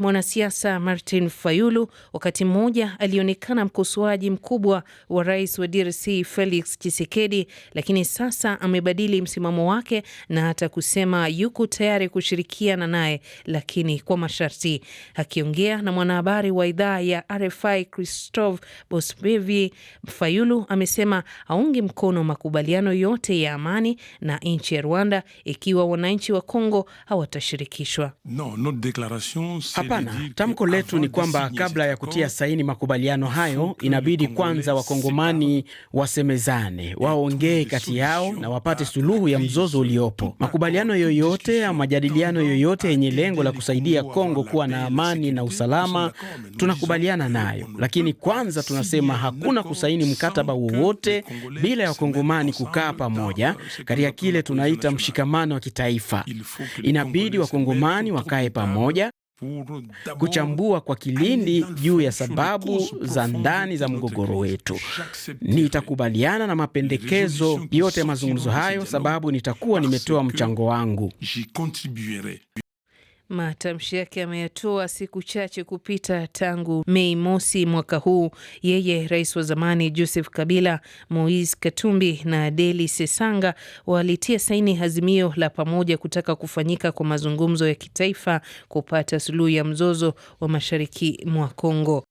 Mwanasiasa Martin Fayulu wakati mmoja alionekana mkosoaji mkubwa wa rais wa DRC Felix Tshisekedi, lakini sasa amebadili msimamo wake na hata kusema yuko tayari kushirikiana naye, lakini kwa masharti. Akiongea na mwanahabari wa idhaa ya RFI Christophe Bosbevi, Fayulu amesema aungi mkono makubaliano yote ya amani na nchi ya Rwanda ikiwa wananchi wa Kongo hawatashirikishwa. No, Hapana, tamko letu ni kwamba kabla ya kutia saini makubaliano hayo, inabidi kwanza wakongomani wasemezane, waongee kati yao na wapate suluhu ya mzozo uliopo. Makubaliano yoyote au majadiliano yoyote yenye lengo la kusaidia Kongo kuwa na amani na usalama, tunakubaliana nayo, lakini kwanza tunasema hakuna kusaini mkataba wowote bila ya wakongomani kukaa pamoja katika kile tunaita mshikamano wa kitaifa. Inabidi wakongomani wakae pamoja kuchambua kwa kilindi juu ya sababu za ndani za mgogoro wetu. Nitakubaliana na mapendekezo yote ya mazungumzo hayo, sababu nitakuwa nimetoa mchango wangu. Matamshi yake ameyatoa siku chache kupita tangu Mei mosi mwaka huu, yeye rais wa zamani Joseph Kabila, Moise Katumbi na Deli Sesanga walitia saini azimio la pamoja kutaka kufanyika kwa mazungumzo ya kitaifa kupata suluhu ya mzozo wa mashariki mwa Kongo.